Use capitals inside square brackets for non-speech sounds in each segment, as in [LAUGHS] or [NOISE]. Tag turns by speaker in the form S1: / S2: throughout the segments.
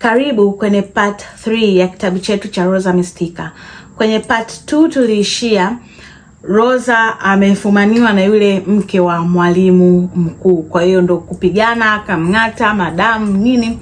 S1: Karibu kwenye part 3 ya kitabu chetu cha Rosa Mystica. Kwenye part 2 tuliishia Rosa amefumaniwa na yule mke wa mwalimu mkuu, kwa hiyo ndo kupigana, akamng'ata madamu nini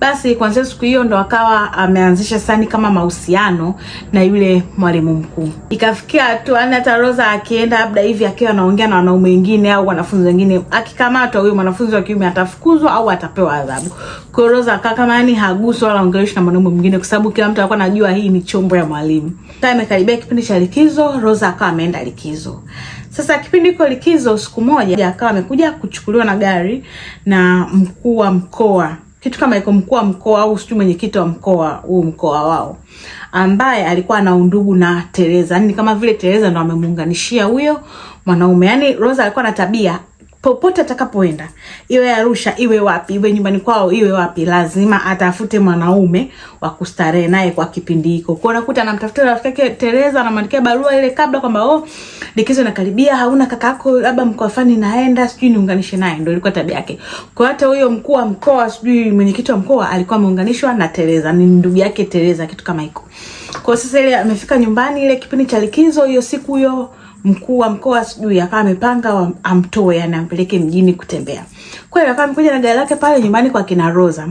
S1: basi kuanzia siku hiyo ndo akawa ameanzisha sani kama mahusiano na yule mwalimu mkuu. Ikafikia hatua yaani hata Rosa akienda labda hivi akiwa anaongea na wanaume wengine au wanafunzi wengine, akikamatwa huyo mwanafunzi wa kiume atafukuzwa au atapewa adhabu. Kwa Rosa akakaa kama yani haguswa wala ongeleshi na mwanaume mwingine, kwa sababu kila mtu alikuwa anajua hii ni chombo ya mwalimu. Kama imekaribia kipindi cha likizo, Rosa akawa ameenda likizo. Sasa kipindi iko likizo, siku moja akawa amekuja kuchukuliwa na gari na mkuu wa mkoa kitu kama iko mkuu wa mkoa au sijui mwenyekiti wa mkoa huu mkoa wao, ambaye alikuwa na undugu na Tereza, yani kama vile Tereza ndo amemuunganishia huyo mwanaume. Yani Rosa alikuwa na tabia popote atakapoenda, iwe Arusha, iwe wapi, iwe nyumbani kwao, iwe wapi, lazima atafute mwanaume wa kustarehe naye kwa kipindi hiko. Kwa unakuta anamtafuta rafiki yake Teresa, anamwandikia barua ile kabla kwamba oh, likizo inakaribia, hauna kaka yako labda mkoa fani naenda, sijui niunganishe naye. Ndio ilikuwa tabia yake. Kwa hata huyo mkuu wa mkoa, sijui mwenyekiti wa mkoa, alikuwa ameunganishwa na Teresa, ni ndugu yake Teresa, kitu kama hiko. Kwa sasa ile amefika nyumbani, ile kipindi cha likizo, hiyo siku hiyo mkuu wa mkoa sijui akawa amepanga amtoe, yani ampeleke mjini kutembea. Kwa hiyo akawa amekuja na gari lake pale nyumbani kwa kina Rosa.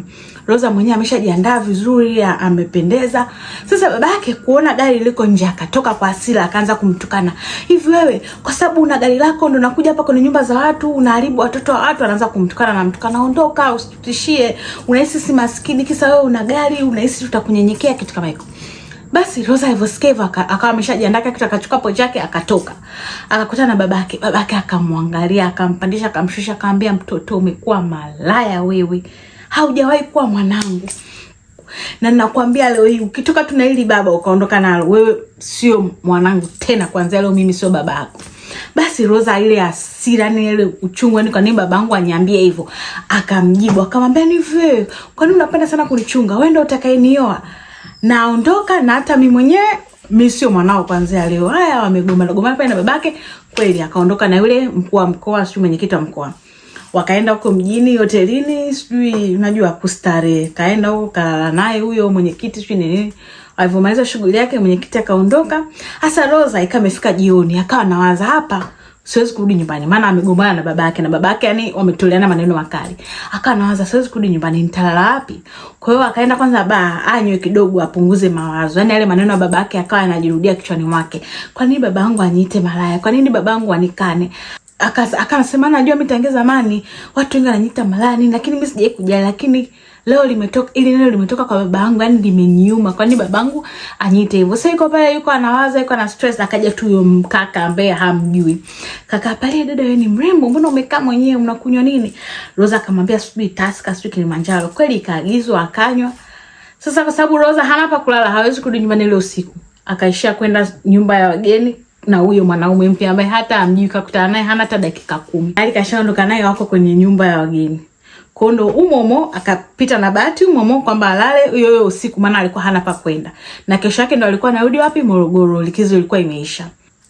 S1: Rosa mwenyewe ameshajiandaa vizuri, amependeza. Sasa babake kuona gari liko nje akatoka kwa hasira akaanza kumtukana. Hivi wewe kwa sababu una gari lako ndo unakuja hapa kwenye nyumba za watu, unaharibu watoto wa watu, anaanza kumtukana na mtukana, ondoka, usitutishie. Unahisi si maskini kisa wewe una gari, unahisi tutakunyenyekea kitu kama hicho. Basi Rosa alivyosikia akawa ameshajiandaa kitu, akachukua pochi yake akatoka, akakutana na babake. Babake akamwangalia, akampandisha, akamshusha, akamwambia, mtoto umekuwa malaya wewe, haujawahi kuwa mwanangu, na nakwambia leo hii ukitoka tu na hili baba ukaondoka nalo, wewe sio mwanangu tena, kwanza leo mimi sio baba yako. Basi Rosa ile hasira ni ile uchungu, yani kwa nini babangu anyambie hivyo? Akamjibu akamwambia, ni wewe, kwa nini unapenda sana kunichunga? Wewe ndio utakayenioa naondoka na hata mimi mwenyewe mi sio mwanao kwanzia leo. Haya, wamegoma nagoma pale na babake kweli, akaondoka na yule mkuu wa mkoa, sijui mwenyekiti wa mkoa, wakaenda huko mjini hotelini, sijui unajua kustarehe, kaenda huko kalala naye huyo mwenyekiti sijui nini. Alivyomaliza shughuli yake mwenyekiti akaondoka. Hasa Rosa ikawa imefika jioni, akawa nawaza hapa siwezi kurudi nyumbani, maana amegombana na baba yake na baba yake yani wametoleana maneno makali. Akawa anawaza siwezi kurudi nyumbani, nitalala wapi? Kwa hiyo akaenda kwanza baa anywe kidogo, apunguze mawazo, yani yale maneno ya baba yake akawa anajirudia kichwani mwake, kwa nini babangu aniite malaya? Kwa nini babangu anikane? akasema najua mimi tangia zamani watu wengi wananiita Malani, lakini mimi sijai kujali, lakini leo limetoka, ili neno limetoka kwa babangu, yani limeniuma. Kwani babangu anyite hivyo? Sasa yuko pale, yuko anawaza, yuko na stress, akaja tu huyo mkaka ambaye hamjui. Kaka pale, dada, wewe ni mrembo, mbona umekaa mwenyewe, unakunywa nini? Rosa akamwambia sijui taska, sijui Kilimanjaro. Kweli ikaagizwa, akanywa. Sasa kwa sababu Rosa hana pa kulala, hawezi kurudi nyumbani ile usiku, akaishia kwenda nyumba ya wageni na huyo mwanaume mpya ambaye hata amjui, kakutana naye hana hata dakika kumi, hali kashaondoka naye, wako kwenye nyumba ya wageni kondo umomo akapita na bahati umomo kwamba alale hiyo usiku, maana alikuwa hana pa kwenda, na kesho yake ndo alikuwa anarudi wapi? Morogoro. Likizo ilikuwa imeisha.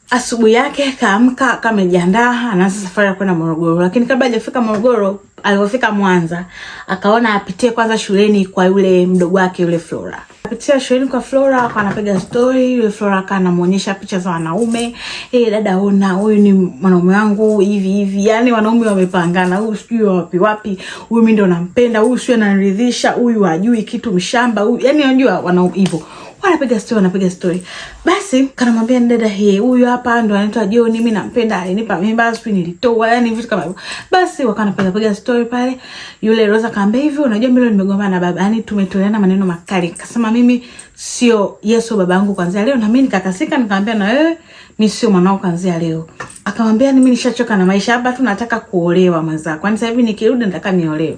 S1: Asubuhi yake kaamka, kamejiandaa, anaanza safari ya kwenda Morogoro, lakini kabla hajafika Morogoro Alipofika Mwanza akaona apitie kwanza shuleni kwa yule mdogo wake yule Flora. Apitia shuleni kwa Flora, anapiga stori, yule Flora akamuonyesha picha za wanaume. Eh, dada ona huyu ni mwanaume wangu hivi hivi. Yaani wanaume wamepangana, huyu sijui wapi wapi, huyu mimi ndo nampenda, huyu sio ananiridhisha, huyu hajui kitu mshamba, huyu. Yaani unajua wanaume hivyo wanapiga stori, wanapiga story. Basi kanamwambia dada, hii huyu hapa ndo anaitwa John, mimi nampenda, alinipa mimba, sijui nilitoa, yani vitu kama hivyo. Basi wakaanza piga piga pale. Yule Rosa kaambia hivyo, unajua mimi leo nimegombana na baba, yani tumetoleana maneno makali. Kasema mimi sio Yesu babangu kwanza leo, na mimi nikakasika, nikamwambia na wewe mi sio mwanao kuanzia leo. Akamwambia mimi nishachoka na maisha, hapa tu nataka kuolewa mwenzako, kwani sasa hivi nikirudi nataka niolewe.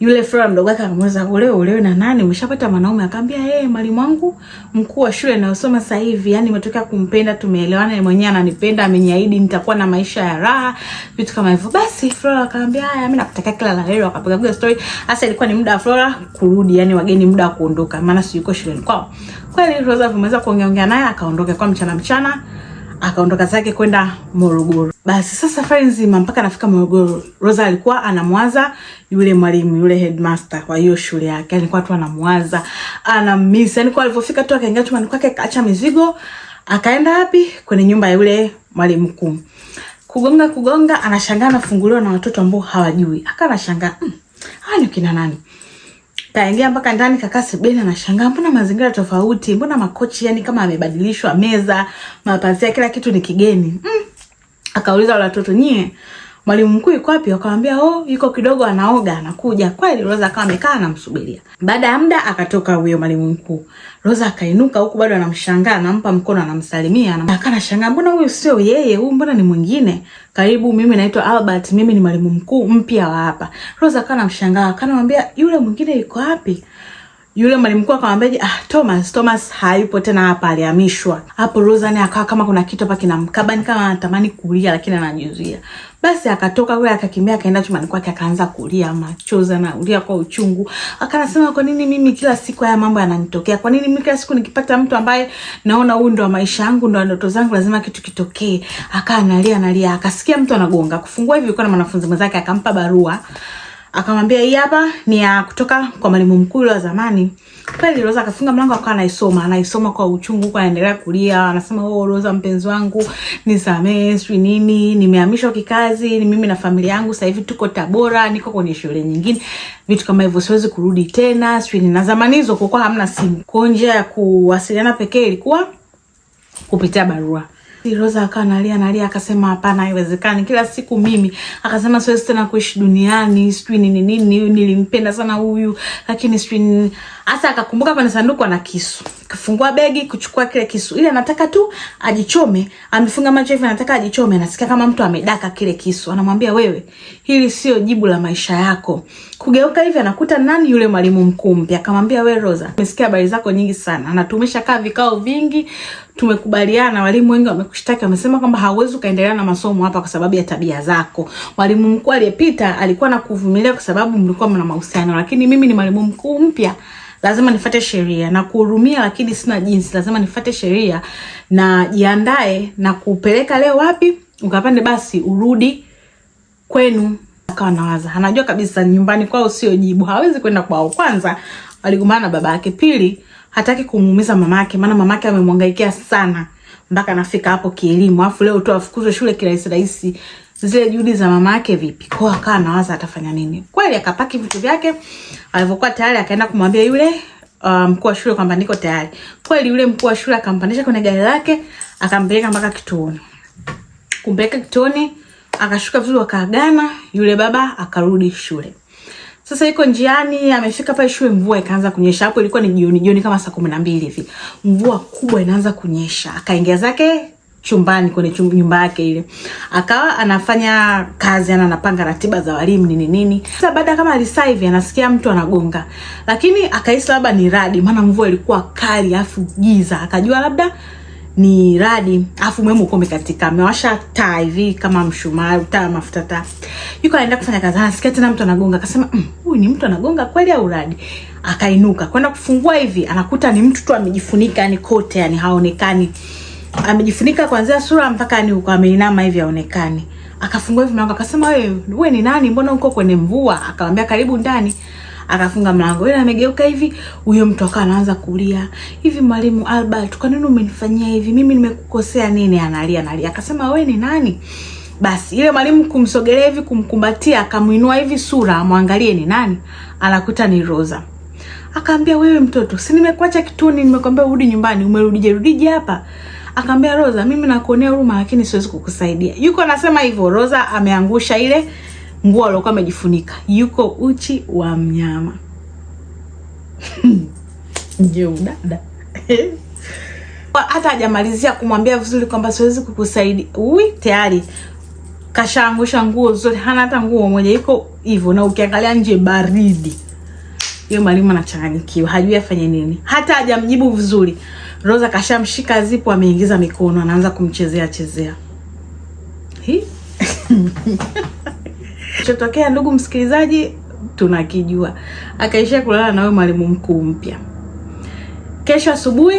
S1: Yule Flora mdogo wake akamuuliza olewe, olewe na nani? Umeshapata mwanaume? Akamwambia yeye, eh, hey, mwalimu wangu mkuu wa shule anayosoma sasa hivi, yani nimetokea kumpenda, tumeelewana, yeye mwenyewe ananipenda, ameniahidi nitakuwa na maisha ya raha, vitu kama hivyo. Basi Flora akamwambia haya, mimi nakutakia kila la heri, akapiga piga story. Sasa ilikuwa ni muda wa Flora kurudi, yani wageni muda wa kuondoka, maana si yuko shuleni kwao. Kweli Rosa ameweza kuongea ongea naye, akaondoka kwa mchana mchana akaondoka zake kwenda Morogoro. Basi sasa safari nzima mpaka anafika Morogoro, Rosa alikuwa anamwaza yule mwalimu yule headmaster kwa hiyo shule yake, alikuwa tu anamwaza anamiss. Yani kwa alivyofika tu akaingia chumbani kwake kaacha mizigo akaenda wapi? Kwenye nyumba ya yule mwalimu mkuu. Kugonga kugonga, anashangaa anafunguliwa na watoto ambao hawajui. Aka anashangaa hmm, hawa ni kina nani? Kaingia mpaka ndani kaka Sibeni anashangaa, mbona mazingira tofauti, mbona makochi yani kama amebadilishwa, meza, mapazia, kila kitu ni kigeni. Mm. Akauliza wale watoto, nyie Mwalimu mkuu yuko wapi? Wakamwambia oh, yuko kidogo anaoga anakuja. Kweli Rosa akawa amekaa anamsubiria. Baada ya muda akatoka huyo mwalimu mkuu. Rosa akainuka huku bado anamshangaa, anampa mkono, anamsalimia, anakaa shangaa, mbona huyu sio yeye, huyu mbona ni mwingine? Karibu, mimi naitwa Albert, mimi ni mwalimu mkuu mpya wa hapa. Rosa akawa anamshangaa, akanamwambia yule mwingine yuko wapi? Yule mwalimu mkuu akamwambia, ah, Thomas, Thomas hayupo tena hapa, alihamishwa. Hapo Rosanne akawa kama kuna kitu hapa kinamkaba, ni kama anatamani kulia lakini anajizuia. Basi akatoka yule akakimbia akaenda chumbani kwake akaanza kulia machozi na ulia kwa uchungu. Akanasema, kwa nini mimi kila siku haya mambo yananitokea? Kwa nini mimi kila siku nikipata mtu ambaye naona huyu ndo maisha yangu ndo ndoto zangu lazima kitu kitokee? Akaa analia analia, akasikia mtu anagonga. Kufungua hivi, kuna mwanafunzi mwenzake akampa barua akamwambia hii hapa ni ya kutoka kwa mwalimu mkuu wa zamani. Kweli Rosa akafunga mlango akawa anaisoma, anaisoma kwa uchungu kwa anaendelea kulia, anasema oh, Rosa mpenzi wangu, nisamee, sijui nini, nimehamishwa kikazi, ni mimi na familia yangu, sasa hivi tuko Tabora, niko kwenye shule nyingine, vitu kama hivyo, siwezi kurudi tena, sijui nini. Na zamani hizo kulikuwa hamna simu, kwa njia ya kuwasiliana pekee ilikuwa kupitia barua. Rosa akawa analia analia, akasema hapana, haiwezekani. Kila siku mimi, akasema siwezi tena kuishi duniani, sijui nini nini, nilimpenda sana huyu lakini sijui nini Asa akakumbuka pana sanduku ana kisu. Kafungua begi kuchukua kile kisu. Ile anataka tu ajichome, amefunga macho hivi anataka ajichome, anasikia kama mtu amedaka kile kisu. Anamwambia wewe, hili sio jibu la maisha yako. Kugeuka hivi anakuta nani yule mwalimu mkuu mpya. Akamwambia wewe Rosa, nimesikia habari zako nyingi sana. Anatumisha kaa vikao vingi, tumekubaliana walimu wengi wamekushtaki, wamesema kwamba hauwezi ukaendelea na masomo hapa kwa sababu ya tabia zako. Mwalimu mkuu aliyepita alikuwa nakuvumilia kwa sababu mlikuwa mna mahusiano, lakini mimi ni mwalimu mkuu mpya lazima nifate sheria na kuhurumia, lakini sina jinsi, lazima nifate sheria na jiandae na kupeleka leo wapi, ukapande basi urudi kwenu. Akawa nawaza, anajua kabisa nyumbani kwao sio jibu, hawezi kwenda kwao. Kwanza walikumbana na baba yake, pili hataki kumuumiza mamake, maana mamake amemwangaikia sana mpaka anafika hapo kielimu, afu leo tu afukuzwe shule kirahisi rahisi zile juhudi za mama yake vipi. Kwa akawa anawaza atafanya nini. Kweli akapaki vitu vyake, alivyokuwa tayari akaenda kumwambia yule uh, mkuu wa shule kwamba niko tayari. Kweli yule mkuu wa shule akampandisha kwenye gari lake, akampeleka mpaka kituoni. Kumpeleka kituoni, akashuka vizuri, wakaagana, yule baba akarudi shule. Sasa iko njiani amefika pale shule, mvua ikaanza kunyesha. Hapo ilikuwa ni jioni jioni, kama saa kumi na mbili hivi, mvua kubwa inaanza kunyesha. Akaingia zake chumbani kwenye chumba nyumba yake ile, akawa anafanya kazi ana anapanga ratiba za walimu nini nini. Sasa baada kama alisa hivi anasikia mtu anagonga, lakini akahisi labda ni radi, maana mvua ilikuwa kali afu giza, akajua labda ni radi, afu mwemu uko umekatika, amewasha taa hivi kama mshumaa taa mafuta taa, yuko anaenda kufanya kazi, anasikia tena mtu anagonga, akasema mm, huyu ni mtu anagonga kweli au radi? Akainuka kwenda kufungua hivi, anakuta ni mtu tu amejifunika, yani kote, yani haonekani amejifunika kuanzia sura mpaka ni huko ameinama hivi aonekane. Akafungua hivi mlango akasema, wewe wewe ni nani? Mbona uko kwenye mvua? Akamwambia karibu ndani. Akafunga mlango. Yule amegeuka hivi, huyo mtu akawa anaanza kulia. Hivi Mwalimu Albert, kwa nini umenifanyia hivi? Mimi nimekukosea nini? Analia analia. Akasema, wewe ni nani? Basi ile mwalimu kumsogelea hivi kumkumbatia, akamuinua hivi sura amwangalie ni nani, anakuta ni Rosa. Akaambia, wewe mtoto, si nimekuacha kituni, nimekwambia urudi nyumbani, umerudije rudije hapa? Akamwambia rosa mimi nakuonea huruma lakini siwezi kukusaidia. Yuko anasema hivyo, Rosa ameangusha ile nguo aliyokuwa amejifunika. Yuko uchi wa mnyama. Je, [LAUGHS] udada. Hata hajamalizia kumwambia vizuri kwamba siwezi kukusaidia. Ui, tayari kashaangusha nguo zote, hana hata nguo moja, iko hivyo. Na ukiangalia nje baridi. Yeye mwalimu anachanganyikiwa, hajui afanye nini, hata hajamjibu vizuri. Roza kashamshika zipo, ameingiza mikono, anaanza kumchezea chezea. Hii [LAUGHS] chotokea ndugu msikilizaji, tunakijua. Akaishia kulala na huyo mwalimu mkuu mpya. Kesho asubuhi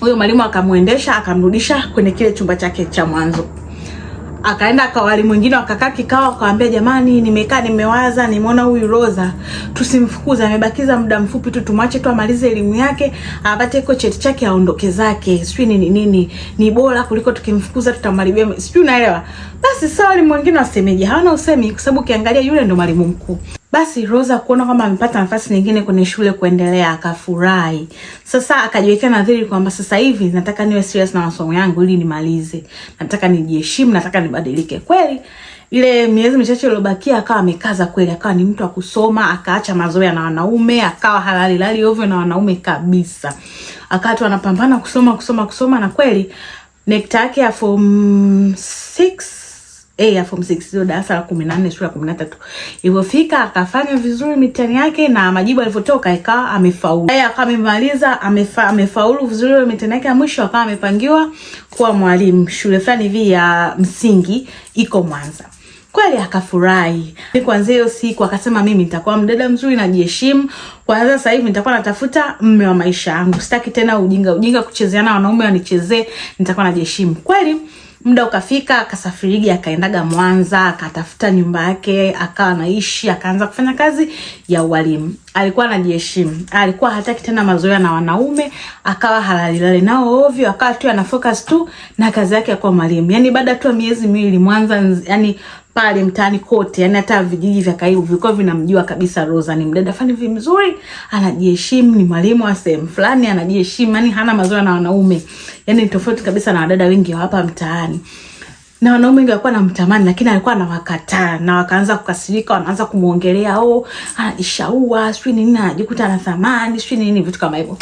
S1: huyo mwalimu akamwendesha akamrudisha kwenye kile chumba chake cha mwanzo akaenda kwa walimu mwingine, wakakaa kikao, akamwambia jamani, nimekaa nimewaza, nimeona huyu Roza tusimfukuze, amebakiza muda mfupi tu, tumwache tu amalize elimu yake, apate iko cheti chake, aondoke zake, sijui nini nini, ni bora kuliko tukimfukuza, tutamharibia, sijui unaelewa. Basi sawa, walimu wengine wasemeje? Hawana usemi, kwa sababu ukiangalia yule ndo mwalimu mkuu. Basi Rosa kuona kwamba amepata nafasi nyingine kwenye shule kuendelea, akafurahi. Sasa akajiwekea nadhiri kwamba sasa hivi nataka niwe serious na masomo yangu ili nimalize, nataka nijiheshimu, nataka nibadilike. Kweli ile miezi michache iliyobakia akawa amekaza kweli, akawa ni mtu wa kusoma, akaacha mazoea na wanaume, akawa halali lali ovyo na wanaume kabisa, akawa tu anapambana kusoma kusoma kusoma, na kweli nekta yake ya form A eh, ya form 6 hiyo darasa la 14 shule ya 13. Ilipofika akafanya vizuri mitihani yake na majibu yalivyotoka ikawa amefaulu. Yeye akawa amemaliza amefa, amefaulu vizuri ile mitihani yake ya mwisho akawa amepangiwa kuwa mwalimu shule fulani hivi ya msingi iko Mwanza. Kweli akafurahi. Ni kwanza hiyo siku akasema mimi nitakuwa mdada mzuri na jiheshimu. Kwanza sasa hivi nitakuwa natafuta mme wa maisha yangu. Sitaki tena ujinga ujinga kuchezeana wanaume wanichezee, nitakuwa najiheshimu. Kweli muda ukafika, akasafirigi akaendaga Mwanza, akatafuta nyumba yake, akawa anaishi, akaanza kufanya kazi ya ualimu. Alikuwa anajiheshimu, alikuwa hataki tena mazoea na wanaume, akawa halalilale nao ovyo, akawa tu ana focus tu na kazi yake ya kuwa mwalimu. Yani baada tu ya miezi miwili Mwanza, yani pale mtaani kote, yani hata vijiji vya karibu vilikuwa vinamjua kabisa Rosa ni mdada fani vi mzuri, anajiheshimu, ni mwalimu wa sehemu fulani, anajiheshimu, yani hana mazoea na wanaume, yani tofauti kabisa na wadada wengi wa hapa mtaani na wanaume wengi walikuwa namtamani, lakini alikuwa anawakataa na wakaanza kukasirika, wanaanza kumwongelea oh, anajishaua sijui nini, anajikuta na thamani sijui nini, vitu kama hivyo.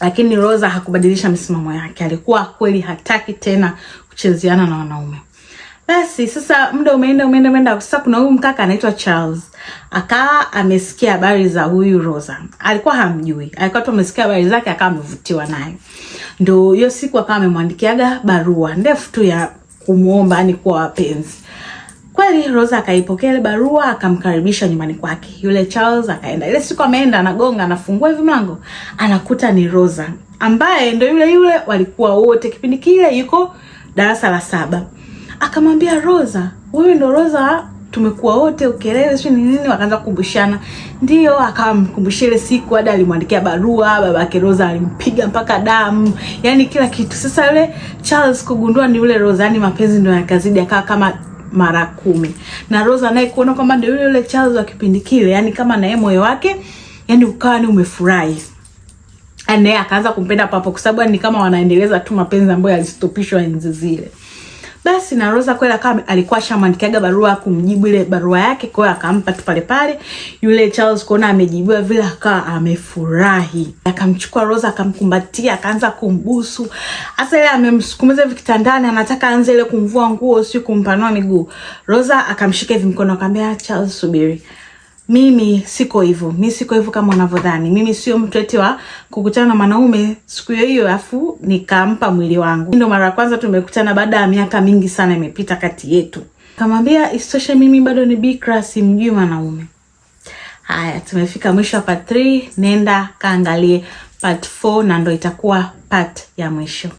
S1: Lakini Rosa hakubadilisha misimamo yake, alikuwa kweli hataki tena kuchezeana na wanaume. Basi sasa muda umeenda umeenda umeenda, sasa kuna huyu mkaka anaitwa Charles akawa amesikia habari za huyu Rosa, alikuwa hamjui, alikuwa tu amesikia habari zake, akawa amevutiwa naye. Ndio hiyo siku akawa amemwandikiaga barua ndefu tu ya kumuomba, ni kuwa wapenzi kweli. Rosa akaipokea ile barua, akamkaribisha nyumbani kwake. Yule Charles akaenda ile siku, ameenda anagonga, anafungua hivi mlango, anakuta ni Rosa ambaye ndio yule yule walikuwa wote kipindi kile yuko darasa la saba akamwambia Rosa, wewe ndo Rosa tumekuwa wote ukelele, sio ni nini, wakaanza kukumbushana. Ndio akamkumbushia ile siku, hadi alimwandikia barua babake Rosa, alimpiga mpaka damu, yani kila kitu. Sasa yule Charles kugundua ni yule Rosa, yani mapenzi ndio yakazidi, akawa kama mara kumi, na Rosa naye kuona kwamba ndio yule yule Charles wa kipindi kile, yani kama naye moyo wake yani ukawa ni umefurahi naye akaanza kumpenda papo, kwa sababu yaani ni kama wanaendeleza tu mapenzi ambayo yalistopishwa enzi zile. Basi na Rosa kweli akawa alikuwa ashamwandikiaga barua kumjibu ile barua yake, kwa hiyo akampa tu pale pale. Yule Charles kuona amejibiwa vile, akawa amefurahi, akamchukua Rosa akamkumbatia, akaanza kumbusu. Hasa ile amemsukumiza hivi kitandani, anataka anze ile kumvua nguo, si kumpanua miguu. Rosa akamshika hivi mkono, akamwambia Charles, subiri mimi siko hivyo, mi siko hivyo kama unavyodhani. Mimi sio mtu eti wa kukutana na mwanaume siku hiyo hiyo afu nikampa mwili wangu. Ndio mara ya kwanza tumekutana baada ya miaka mingi sana imepita kati yetu. Kamwambia isitoshe mimi bado ni bikra, simjui mwanaume. Haya, tumefika mwisho wa part 3, nenda kaangalie part 4 na ndo itakuwa part ya mwisho.